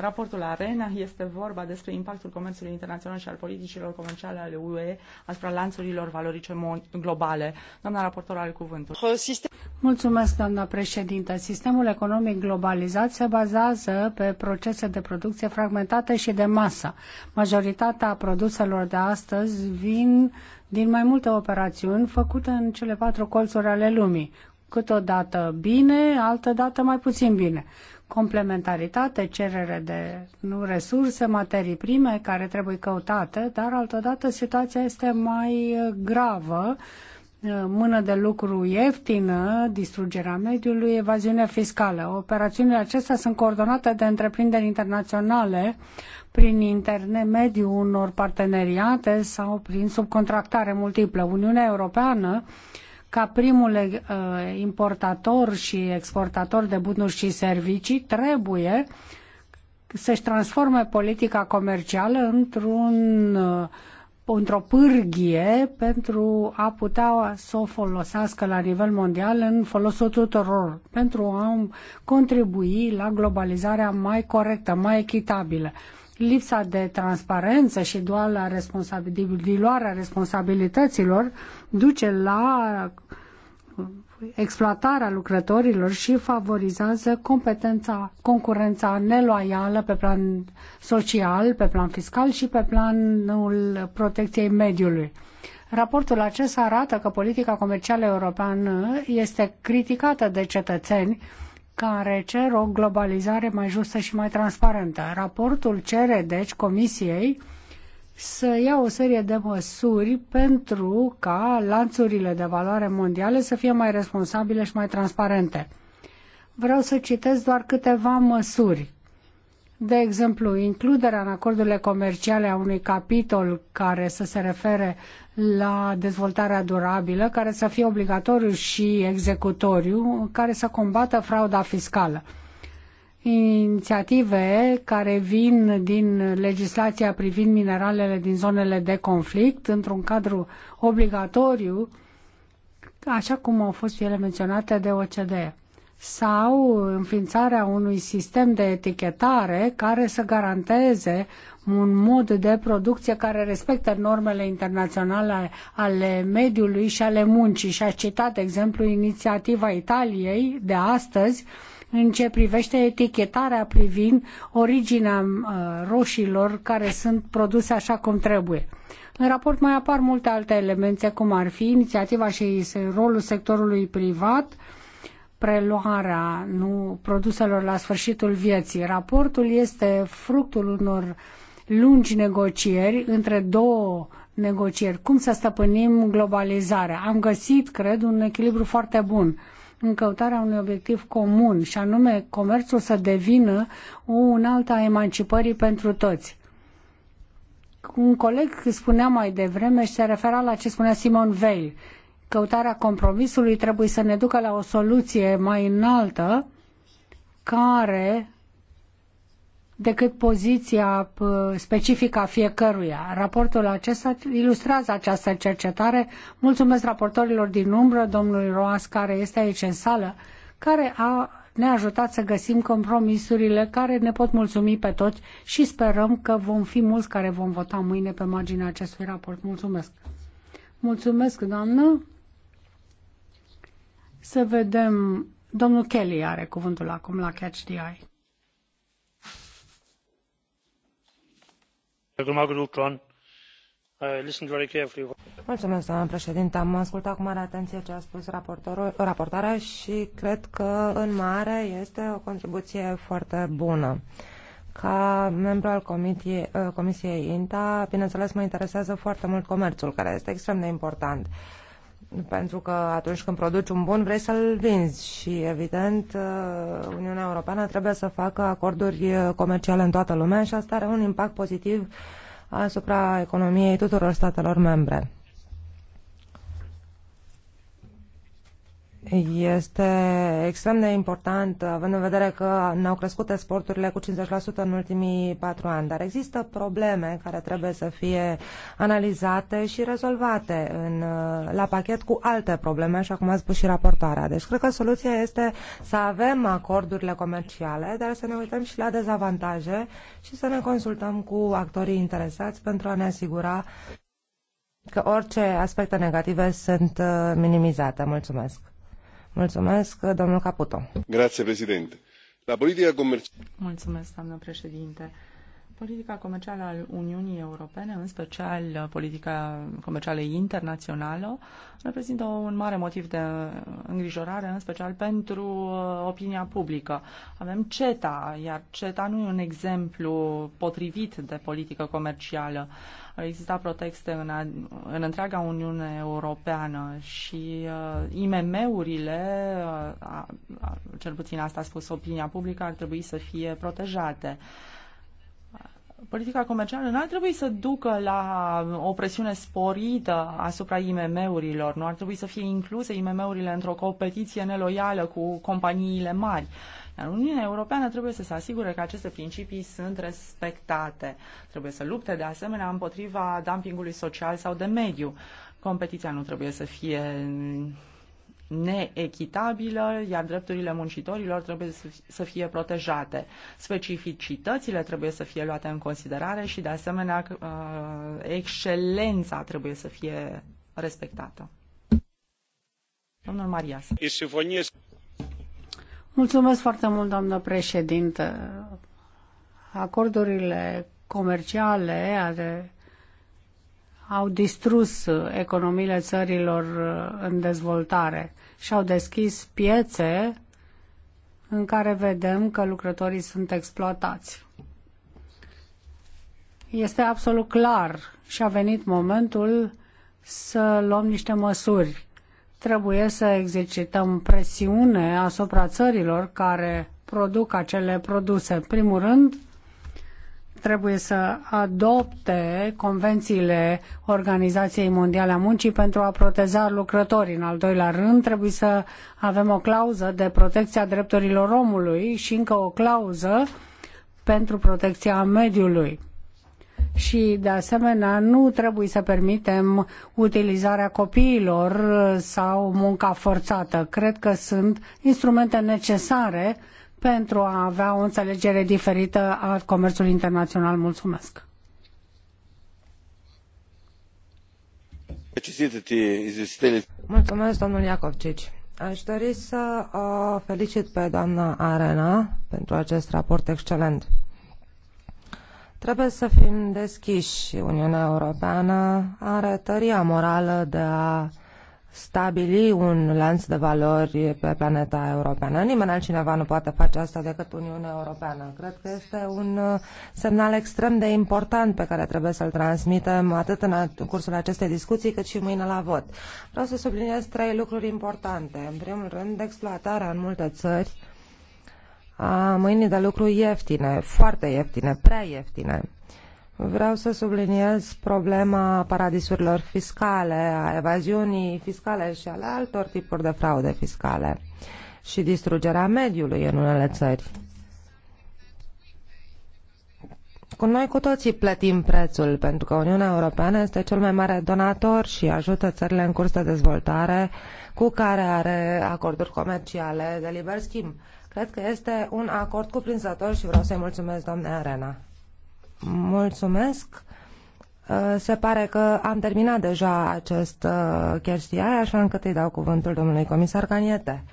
Raportul Arena este vorba despre impactul comerțului internațional și al politicilor comerciale ale UE asupra lanțurilor valorice globale. Doamna raportor are cuvântul. Mulțumesc, doamna președintă. Sistemul economic globalizat se bazează pe procese de producție fragmentate și de masă. Majoritatea produselor de astăzi vin din mai multe operațiuni făcute în cele patru colțuri ale lumii câteodată bine, altădată mai puțin bine. Complementaritate, cerere de nu resurse, materii prime care trebuie căutate, dar altădată situația este mai uh, gravă uh, mână de lucru ieftină, distrugerea mediului, evaziune fiscală. Operațiunile acestea sunt coordonate de întreprinderi internaționale prin intermediul unor parteneriate sau prin subcontractare multiplă. Uniunea Europeană uh, ca primul eh, importator și exportator de bunuri și servicii, trebuie să-și transforme politica comercială într-un eh, într-o pârghie pentru a putea să o folosească la nivel mondial în folosul tuturor, pentru a contribui la globalizarea mai corectă, mai echitabilă lipsa de transparență și doar la responsabil, diluarea responsabilităților duce la exploatarea lucrătorilor și favorizează competența, concurența neloială pe plan social, pe plan fiscal și pe planul protecției mediului. Raportul acesta arată că politica comercială europeană este criticată de cetățeni care cer o globalizare mai justă și mai transparentă. Raportul cere, deci, Comisiei să ia o serie de măsuri pentru ca lanțurile de valoare mondiale să fie mai responsabile și mai transparente. Vreau să citesc doar câteva măsuri de exemplu, includerea în acordurile comerciale a unui capitol care să se refere la dezvoltarea durabilă, care să fie obligatoriu și executoriu, care să combată frauda fiscală. Inițiative care vin din legislația privind mineralele din zonele de conflict într-un cadru obligatoriu, așa cum au fost ele menționate de OCDE sau înființarea unui sistem de etichetare care să garanteze un mod de producție care respectă normele internaționale ale mediului și ale muncii. Și a citat de exemplu, inițiativa Italiei de astăzi în ce privește etichetarea privind originea uh, roșilor care sunt produse așa cum trebuie. În raport mai apar multe alte elemente, cum ar fi inițiativa și rolul sectorului privat, preluarea nu, produselor la sfârșitul vieții. Raportul este fructul unor lungi negocieri între două negocieri. Cum să stăpânim globalizarea? Am găsit, cred, un echilibru foarte bun în căutarea unui obiectiv comun și anume comerțul să devină o unaltă a emancipării pentru toți un coleg spunea mai devreme și se refera la ce spunea Simon Veil. Căutarea compromisului trebuie să ne ducă la o soluție mai înaltă care decât poziția uh, specifică a fiecăruia. Raportul acesta ilustrează această cercetare. Mulțumesc raportorilor din umbră, domnului Roas, care este aici în sală, care a ne ajutat să găsim compromisurile care ne pot mulțumi pe toți și sperăm că vom fi mulți care vom vota mâine pe marginea acestui raport. Mulțumesc! Mulțumesc, doamnă! Să vedem. Domnul Kelly are cuvântul acum la Catch the Eye. Mulțumesc, doamnă președinte. Am ascultat cu mare atenție ce a spus raportarea și cred că, în mare, este o contribuție foarte bună. Ca membru al eh, Comisiei INTA, bineînțeles, mă interesează foarte mult comerțul, care este extrem de important. Uh, pentru că atunci când produci un bun vrei să-l vinzi și evident uh, Uniunea Europeană trebuie să facă acorduri uh, comerciale în toată lumea și asta are un impact pozitiv asupra economiei tuturor statelor membre. Este extrem de important, având în vedere că ne-au crescut exporturile cu 50% în ultimii patru ani, dar există probleme care trebuie să fie analizate și rezolvate în, la pachet cu alte probleme, așa cum a spus și raportoarea. Deci cred că soluția este să avem acordurile comerciale, dar să ne uităm și la dezavantaje și să ne consultăm cu actorii interesați pentru a ne asigura că orice aspecte negative sunt uh, minimizate. Mulțumesc! Mulțumesc, domnul Caputo. președinte. La politica comercială. Mulțumesc, doamnă președinte. Politica comercială al Uniunii Europene, în special politica comercială internațională, reprezintă un mare motiv de îngrijorare, în special pentru uh, opinia publică. Avem CETA, iar CETA nu e un exemplu potrivit de politică comercială. Ar exista protecte în, în întreaga Uniune Europeană și uh, IMM-urile, uh, cel puțin asta a spus opinia publică, ar trebui să fie protejate. Uh, politica comercială nu ar trebui să ducă la o presiune sporită asupra IMM-urilor, nu ar trebui să fie incluse IMM-urile într-o competiție neloială cu companiile mari. Dar Uniunea Europeană trebuie să se asigure că aceste principii sunt respectate. Trebuie să lupte de asemenea împotriva dumpingului social sau de mediu. Competiția nu trebuie să fie neechitabilă, iar drepturile muncitorilor trebuie să fie protejate. Specificitățile trebuie să fie luate în considerare și, de asemenea, uh, excelența trebuie să fie respectată. Domnul Marias. Mulțumesc foarte mult, doamnă președintă. Acordurile comerciale ale au distrus uh, economiile țărilor uh, în dezvoltare și au deschis piețe în care vedem că lucrătorii sunt exploatați. Este absolut clar și a venit momentul să luăm niște măsuri. Trebuie să exercităm presiune asupra țărilor care produc acele produse. În primul rând, trebuie să adopte convențiile Organizației Mondiale a Muncii pentru a proteja lucrătorii. În al doilea rând, trebuie să avem o clauză de protecția a drepturilor omului și încă o clauză pentru protecția mediului. Și, de asemenea, nu trebuie să permitem utilizarea copiilor sau munca forțată. Cred că sunt instrumente necesare pentru a avea o înțelegere diferită a comerțului internațional. Mulțumesc! Mulțumesc, domnul Iacovcici. Aș dori să o felicit pe doamna Arena pentru acest raport excelent. Trebuie să fim deschiși. Uniunea Europeană are tăria morală de a stabili un lanț de valori pe planeta europeană. Nimeni altcineva nu poate face asta decât Uniunea Europeană. Cred că este un uh, semnal extrem de important pe care trebuie să-l transmitem atât în cursul acestei discuții cât și mâine la vot. Vreau să subliniez trei lucruri importante. În primul rând, exploatarea în multe țări a mâinii de lucru ieftine, foarte ieftine, prea ieftine Vreau să subliniez problema paradisurilor fiscale, a evaziunii fiscale și ale altor tipuri de fraude fiscale și distrugerea mediului în unele țări. Cu noi cu toții plătim prețul, pentru că Uniunea Europeană este cel mai mare donator și ajută țările în curs de dezvoltare cu care are acorduri comerciale de liber schimb. Cred că este un acord cuprinzător și vreau să-i mulțumesc, doamne Arena. Mulțumesc. Uh, se pare că am terminat deja acest uh, chestiar, așa încât îi dau cuvântul domnului comisar Caniete.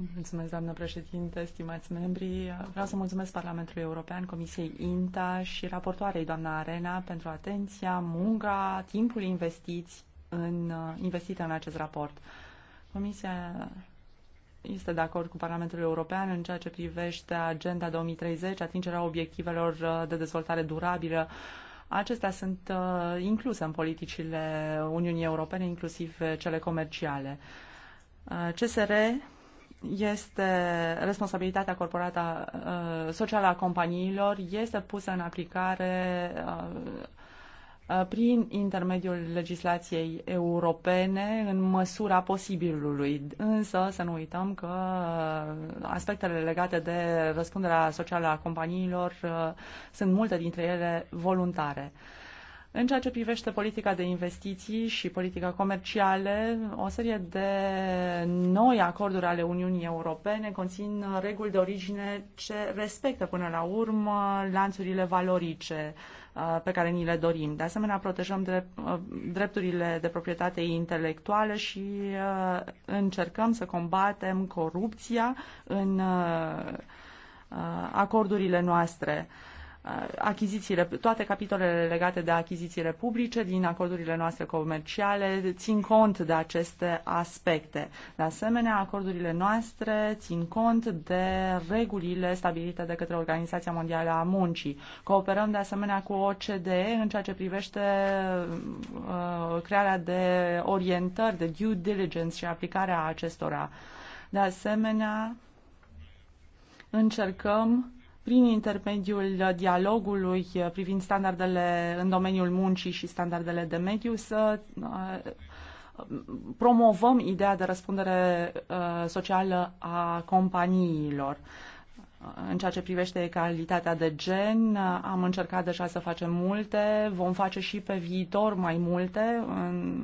Mulțumesc, doamnă președinte, stimați membri. Vreau să mulțumesc Parlamentului European, Comisiei INTA și raportoarei doamna Arena pentru atenția, munca, timpul investiți în, uh, investit în acest raport. Comisia este de acord cu Parlamentul European în ceea ce privește Agenda 2030, atingerea obiectivelor uh, de dezvoltare durabilă. Acestea sunt uh, incluse în politicile Uniunii Europene, inclusiv uh, cele comerciale. CSR este responsabilitatea corporată socială a companiilor, este pusă în aplicare Uh, prin intermediul legislației europene în măsura posibilului. Însă să nu uităm că uh, aspectele legate de răspunderea socială a companiilor uh, sunt multe dintre ele voluntare. În ceea ce privește politica de investiții și politica comercială, o serie de noi acorduri ale Uniunii Europene conțin reguli de origine ce respectă până la urmă lanțurile valorice uh, pe care ni le dorim. De asemenea, protejăm uh, drepturile de proprietate intelectuală și uh, încercăm să combatem corupția în acordurile noastre. Uh, achizițiile, toate capitolele legate de achizițiile publice din acordurile noastre comerciale țin cont de aceste aspecte. De asemenea, acordurile noastre țin cont de regulile stabilite de către Organizația Mondială a Muncii. Cooperăm de asemenea cu OCDE în ceea ce privește uh, crearea de orientări, de due diligence și aplicarea acestora. De asemenea, încercăm prin intermediul dialogului uh, privind standardele în domeniul muncii și standardele de mediu să uh, promovăm ideea de răspundere uh, socială a companiilor în ceea ce privește calitatea de gen. Am încercat deja să facem multe, vom face și pe viitor mai multe. În,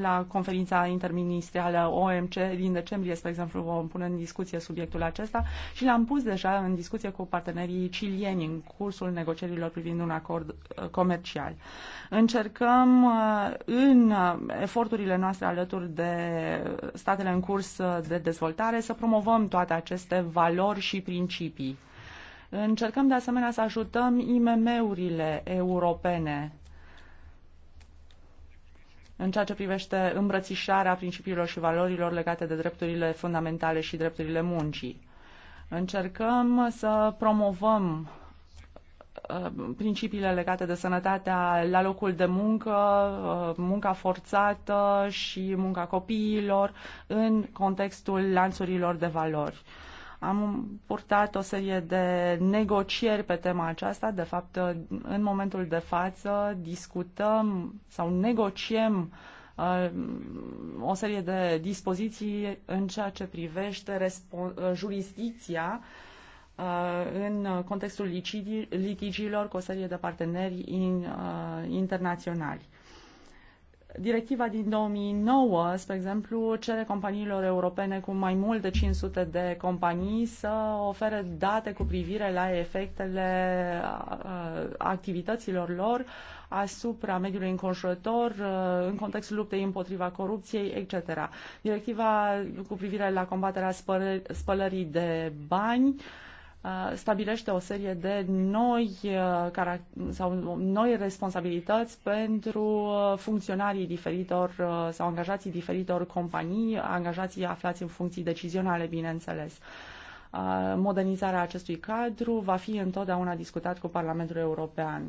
la conferința interministerială OMC din decembrie, spre exemplu, vom pune în discuție subiectul acesta și l-am pus deja în discuție cu partenerii cilieni în cursul negocierilor privind un acord uh, comercial. Încercăm uh, în uh, eforturile noastre alături de statele în curs de dezvoltare să promovăm toate aceste valori și principii principii. Încercăm de asemenea să ajutăm IMM-urile europene în ceea ce privește îmbrățișarea principiilor și valorilor legate de drepturile fundamentale și drepturile muncii. Încercăm să promovăm uh, principiile legate de sănătatea la locul de muncă, uh, munca forțată și munca copiilor în contextul lanțurilor de valori. Am purtat o serie de negocieri pe tema aceasta. De fapt, în momentul de față discutăm sau negociem uh, o serie de dispoziții în ceea ce privește jurisdicția uh, în contextul litigiilor cu o serie de parteneri uh, internaționali. Directiva din 2009, spre exemplu, cere companiilor europene cu mai mult de 500 de companii să ofere date cu privire la efectele uh, activităților lor asupra mediului înconjurător uh, în contextul luptei împotriva corupției, etc. Directiva cu privire la combaterea spălării de bani uh, Uh, stabilește o serie de noi, uh, sau noi responsabilități pentru uh, funcționarii diferitor sau angajații diferitor companii, angajații aflați în funcții decizionale, bineînțeles. Modernizarea acestui cadru va fi întotdeauna discutat cu Parlamentul European.